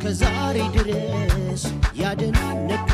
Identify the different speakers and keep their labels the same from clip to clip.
Speaker 1: Cause I already I didn't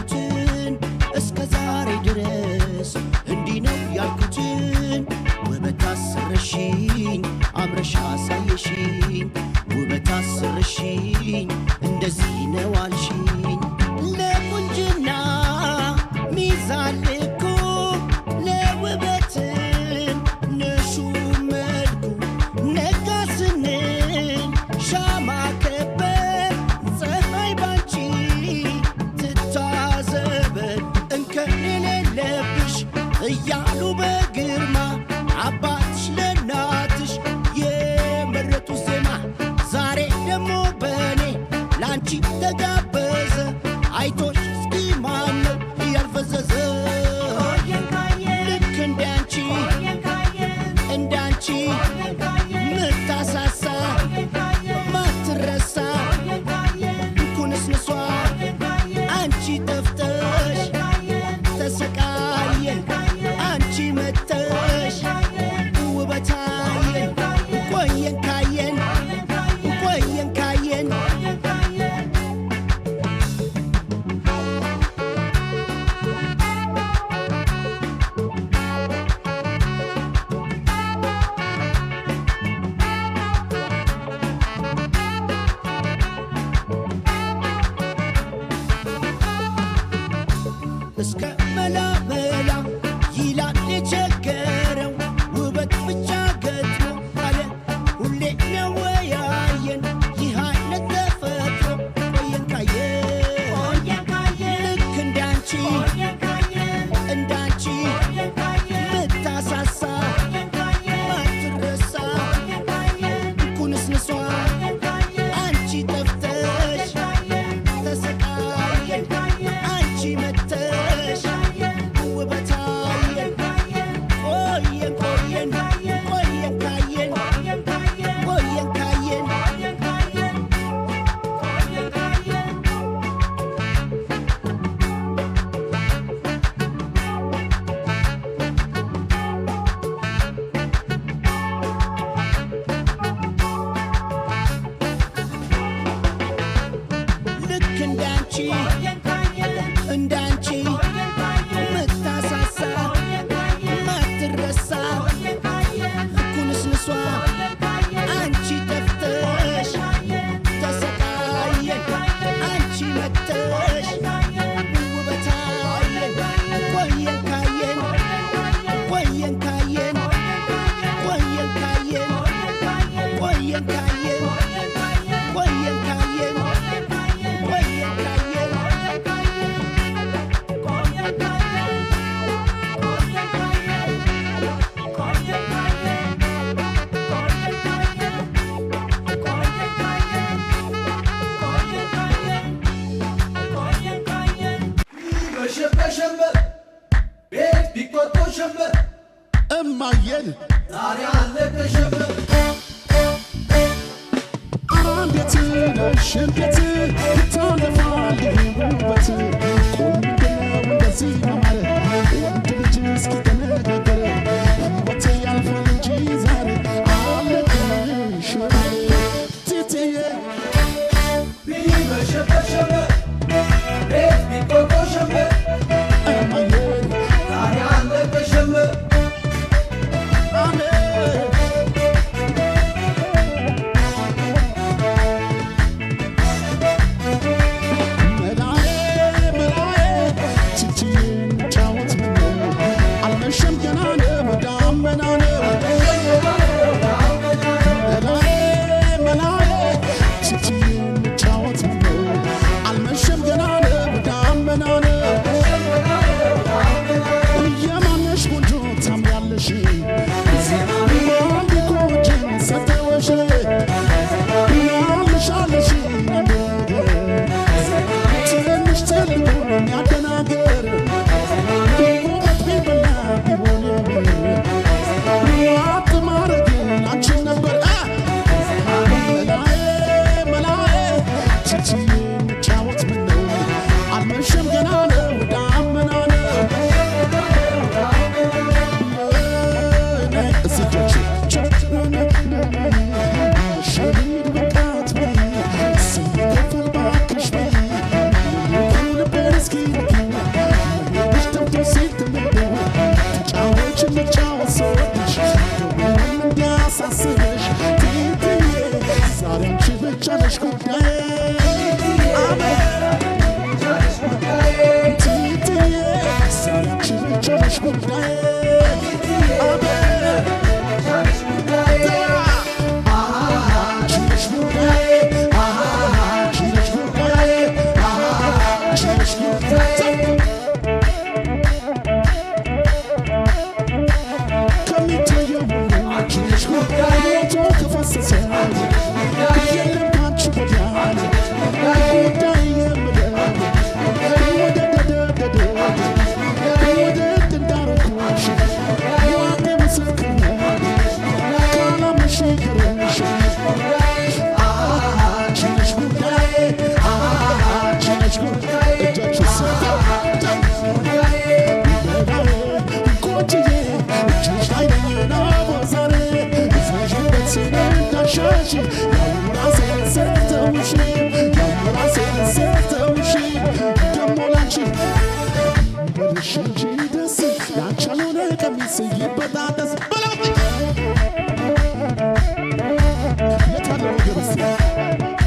Speaker 2: Thank you.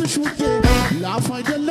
Speaker 2: ልሽ ውዴ ላፍ አይደለ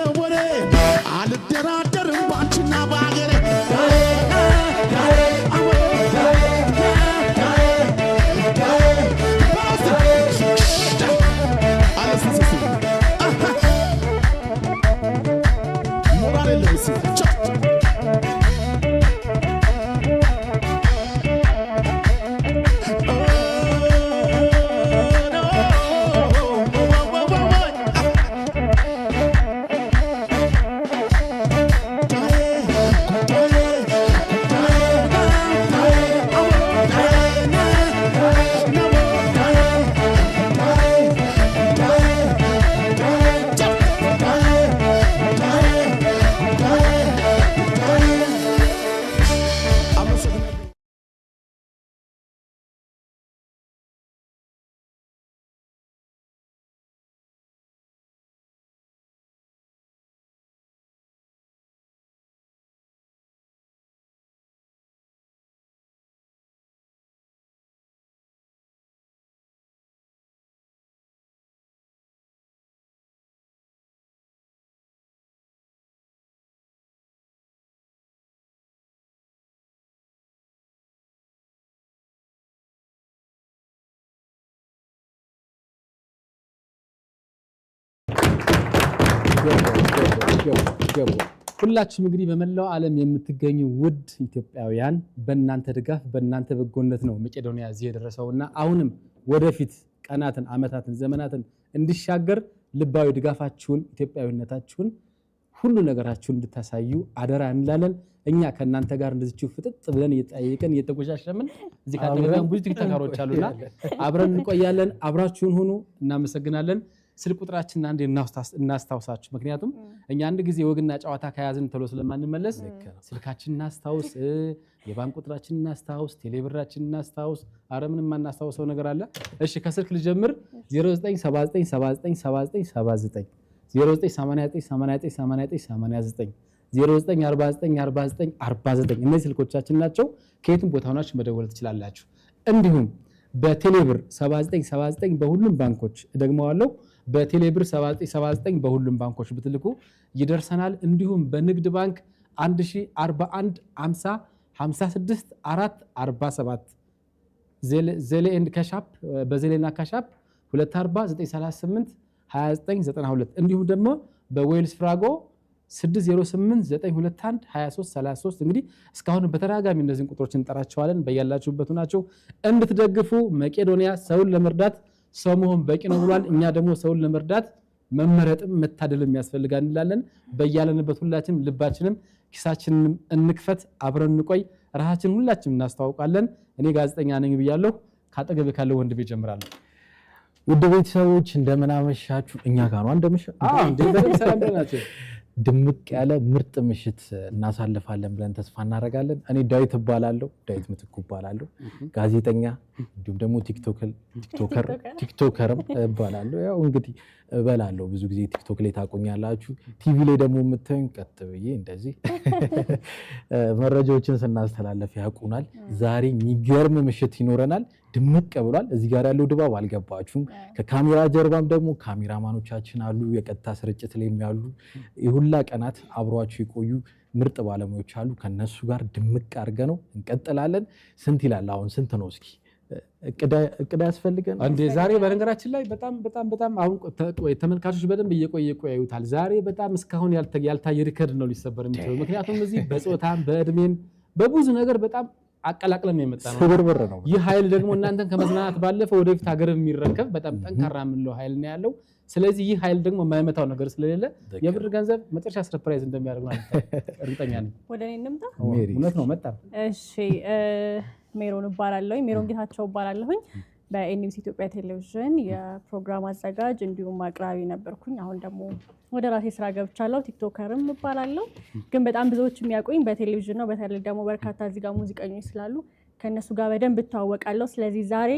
Speaker 3: ሁላችሁ ሁላችሁም እንግዲህ በመላው ዓለም የምትገኙ ውድ ኢትዮጵያውያን በእናንተ ድጋፍ በእናንተ በጎነት ነው መቄዶንያ እዚህ የደረሰውና አሁንም ወደፊት ቀናትን፣ ዓመታትን፣ ዘመናትን እንዲሻገር ልባዊ ድጋፋችሁን ኢትዮጵያዊነታችሁን ሁሉ ነገራችሁን እንድታሳዩ አደራ እንላለን። እኛ ከእናንተ ጋር እንደዚችው ፍጥጥ ብለን እየጠያየቅን እየተጎሻሸምን እዚህ ብዙ ተካሮች አሉና አብረን እንቆያለን። አብራችሁን ሁኑ። እናመሰግናለን። ስልክ ቁጥራችን አንድ እናስታውሳችሁ። ምክንያቱም እኛ አንድ ጊዜ ወግና ጨዋታ ከያዝን ተሎ ስለማንመለስ ስልካችን እናስታውስ፣ የባንክ ቁጥራችን እናስታውስ፣ ቴሌብራችን እናስታውስ። አረ ምንም የማናስታውሰው ነገር አለ። እሺ ከስልክ ልጀምር። 0979797979 እነዚህ ስልኮቻችን ናቸው። ከየትም ቦታ ሆናችሁ መደወል ትችላላችሁ። እንዲሁም በቴሌብር 7979 በሁሉም ባንኮች እደግመዋለሁ በቴሌብር 7979 በሁሉም ባንኮች ብትልኩ ይደርሰናል። እንዲሁም በንግድ ባንክ 1041 50 56 ዜሌ ኤንድ ካሻፕ በዜሌና ካሻፕ 24938 2992 እንዲሁም ደግሞ በዌልስ ፍራጎ 6089212333 እንግዲህ እስካሁን በተደጋጋሚ እነዚህን ቁጥሮች እንጠራቸዋለን። በያላችሁበት ናቸው እንድትደግፉ መቄዶንያ ሰውን ለመርዳት ሰው መሆን በቂ ነው ብሏል። እኛ ደግሞ ሰውን ለመርዳት መመረጥም መታደልም ያስፈልጋል እንላለን። በያለንበት ሁላችንም ልባችንም ኪሳችንንም እንክፈት፣ አብረን እንቆይ፣ ራሳችን ሁላችንም እናስተዋውቃለን። እኔ ጋዜጠኛ ነኝ ብያለሁ። ካጠገብ ካለው ወንድሜ እጀምራለሁ። ውድ ቤተሰቦች እንደምን አመሻችሁ። እኛ ጋር ነው ናቸው ድምቅ ያለ ምርጥ ምሽት እናሳልፋለን ብለን ተስፋ እናደርጋለን። እኔ ዳዊት እባላለሁ፣ ዳዊት ምትኩ እባላለሁ። ጋዜጠኛ እንዲሁም ደግሞ ቲክቶከርም እባላለሁ። ያው እንግዲህ እበላለሁ ብዙ ጊዜ ቲክቶክ ላይ ታቆኛላችሁ። ቲቪ ላይ ደግሞ የምታዩኝ ቀጥ ብዬ እንደዚህ መረጃዎችን ስናስተላለፍ ያውቁናል። ዛሬ የሚገርም ምሽት ይኖረናል። ድምቅ ብሏል። እዚህ ጋር ያለው ድባብ አልገባችሁም? ከካሜራ ጀርባም ደግሞ ካሜራማኖቻችን አሉ፣ የቀጥታ ስርጭት ላይም ያሉ የሁላ ቀናት አብሯቸው የቆዩ ምርጥ ባለሙያዎች አሉ። ከነሱ ጋር ድምቅ አድርገ ነው እንቀጥላለን። ስንት ይላል አሁን ስንት ነው? እስኪ እቅድ ያስፈልገን እንዴ? ዛሬ በነገራችን ላይ በጣም በጣም በጣም አሁን ተመልካቾች በደንብ እየቆየ ያዩታል። ዛሬ በጣም እስካሁን ያልታየ ሪከርድ ነው ሊሰበር የሚችለው። ምክንያቱም እዚህ በፆታም በእድሜም በብዙ ነገር በጣም አቀላቅለም የመጣ ነው። ይህ ኃይል ደግሞ እናንተን ከመዝናናት ባለፈ ወደፊት ሀገር የሚረከብ በጣም ጠንካራ የምንለው ኃይል ነው ያለው። ስለዚህ ይህ ኃይል ደግሞ የማይመታው ነገር ስለሌለ የብር ገንዘብ መጨረሻ ሰርፕራይዝ እንደሚያደርግ ነው እርግጠኛ
Speaker 4: ነኝ። ወደ እኔ እንምጣ። እውነት ነው መጣ። እሺ ሜሮን እባላለሁኝ። ሜሮን ጌታቸው እባላለሁኝ። በኤንቢሲ ኢትዮጵያ ቴሌቪዥን የፕሮግራም አዘጋጅ እንዲሁም አቅራቢ ነበርኩኝ። አሁን ደግሞ ወደ ራሴ ስራ ገብቻለሁ። ቲክቶከርም እባላለሁ። ግን በጣም ብዙዎች የሚያውቁኝ በቴሌቪዥን ነው። በተለይ ደግሞ በርካታ እዚህ ጋር ሙዚቀኞች ስላሉ ከእነሱ ጋር በደንብ እተዋወቃለሁ። ስለዚህ ዛሬ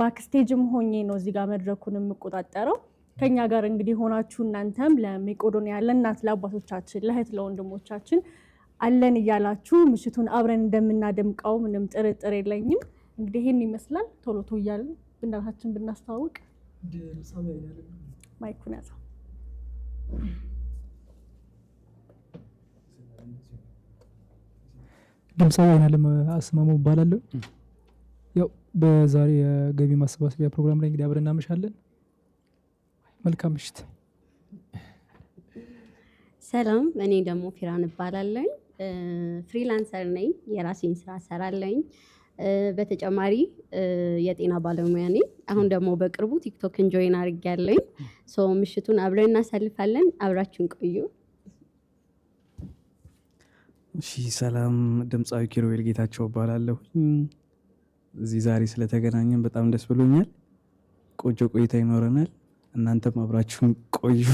Speaker 4: ባክስቴጅም ሆኜ ነው እዚህ ጋር መድረኩን የምቆጣጠረው። ከኛ ጋር እንግዲህ ሆናችሁ እናንተም ለሜቄዶኒያ ለእናት ለአባቶቻችን፣ ለእህት ለወንድሞቻችን አለን እያላችሁ ምሽቱን አብረን እንደምናደምቀው ምንም ጥርጥር የለኝም። እንግዲህ ይህን ይመስላል። ቶሎ ቶሎ እያልን ብናታችን ብናስተዋውቅ ማይኩን ያዘው።
Speaker 3: ድምፃዊ አይናለም አስማማው እባላለሁ። ያው በዛሬ የገቢ ማሰባሰቢያ ፕሮግራም ላይ እንግዲህ አብረን እናመሻለን። መልካም ምሽት።
Speaker 5: ሰላም፣ እኔ ደግሞ ፊራን እባላለሁ። ፍሪላንሰር ነኝ። የራሴን ስራ ሰራለኝ። በተጨማሪ የጤና ባለሙያ ነኝ። አሁን ደግሞ በቅርቡ ቲክቶክን ጆይን አድርጌያለሁ። ሰው ምሽቱን አብረን እናሳልፋለን። አብራችን ቆዩ።
Speaker 6: እሺ፣ ሰላም። ድምፃዊ ኪሮቤል ጌታቸው እባላለሁ። እዚህ ዛሬ ስለተገናኘን በጣም ደስ ብሎኛል። ቆጆ ቆይታ ይኖረናል። እናንተም አብራችሁን ቆዩ።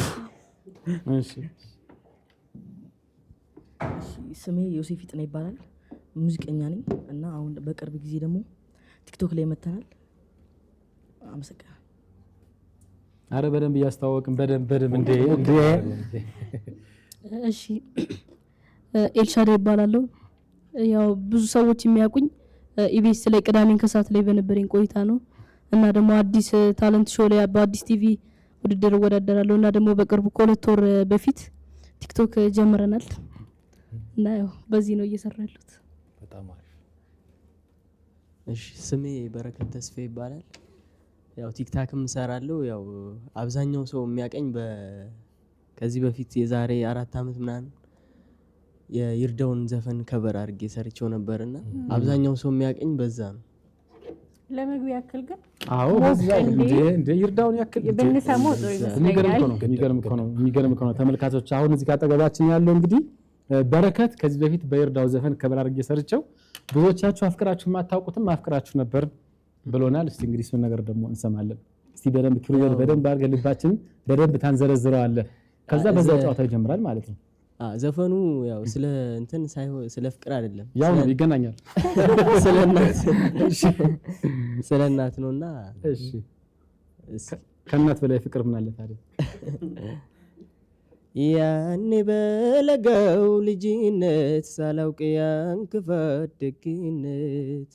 Speaker 7: ስሜ ዮሴፍ ጥና ይባላል። ሙዚቀኛ ነኝ እና አሁን በቅርብ ጊዜ ደግሞ ቲክቶክ ላይ መተናል። አመሰግናለሁ።
Speaker 6: አረ በደንብ እያስተዋወቅን በደንብ በደንብ እንደ
Speaker 8: እሺ፣ ኤልሻዳ ይባላለሁ። ያው ብዙ ሰዎች የሚያውቁኝ ኢቢኤስ ላይ ቅዳሜን ከሰዓት ላይ በነበረኝ ቆይታ ነው እና ደግሞ አዲስ ታለንት ሾው ላይ በአዲስ ቲቪ ውድድር እወዳደራለሁ እና ደግሞ በቅርቡ ከሁለት ወር በፊት ቲክቶክ ጀምረናል እና ያው በዚህ ነው እየሰራ ያሉት። በጣም
Speaker 6: አሪፍ። እሺ ስሜ በረከት ተስፋ ይባላል። ያው ቲክታክም እሰራለሁ። ያው አብዛኛው ሰው የሚያቀኝ ከዚህ በፊት የዛሬ አራት ዓመት ምናምን የይርዳውን ዘፈን ከበር አድርጌ ሰርቼው ነበር እና አብዛኛው ሰው የሚያቀኝ በዛ ነው።
Speaker 9: ለመግቢያ
Speaker 3: ያክል ግን አዎ፣ እንደ
Speaker 9: ይርዳውን ያክል ብንሰማው ጥሩ ይመስለኛል።
Speaker 3: የሚገርም እኮ ነው። ነው የሚገርም ነው ተመልካቾች አሁን እዚህ ጋር ያለው እንግዲህ በረከት ከዚህ በፊት በይርዳው ዘፈን ከበር አድርጌ ሰርቸው ብዙዎቻችሁ አፍቅራችሁ የማታውቁትም አፍቅራችሁ ነበር ብሎናል። እስቲ እንግዲህ እሱን ነገር ደግሞ እንሰማለን። እስቲ በደንብ ኪሩቤል በደንብ አድርገን ልባችን በደንብ ታንዘረዝረዋለህ። ከዛ በዛ ጨዋታው ይጀምራል ማለት
Speaker 6: ነው። ዘፈኑ ያው ስለ እንትን ሳይሆን ስለ
Speaker 3: ፍቅር አይደለም፣ ያው ነው ይገናኛል። ስለ
Speaker 6: እናት ስለ እናት ነውና፣ እሺ
Speaker 3: ከእናት በላይ ፍቅር ምን አለ ታዲያ?
Speaker 6: ያን በለጋው ልጅነት ሳላውቅ ያን ክፋት ደግነት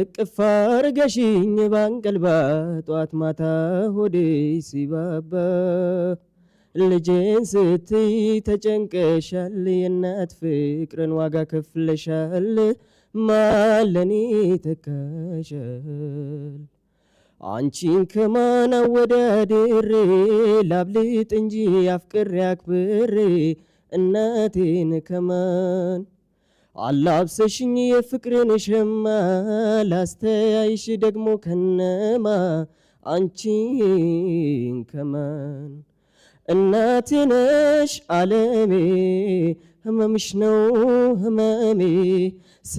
Speaker 6: እቅፍ አርገሽኝ ባንቀልባ ጧት ማታ ሆዴ ሲባባ ልጄን ስትይ ተጨንቀሻል፣ የእናት ፍቅርን ዋጋ ከፍለሻል፣ ማለኔ ተካሻል አንቺን ከማናወደድ ሬ ላብልጥ እንጂ አፍቅሬ አክብሬ እናቴን ከማን አላብሰሽኝ የፍቅርን ሸማ ላስተያይሽ ደግሞ ከነማ አንቺን ከማን እናቴ ነሽ አለሜ ህመምሽ ነው ህመሜ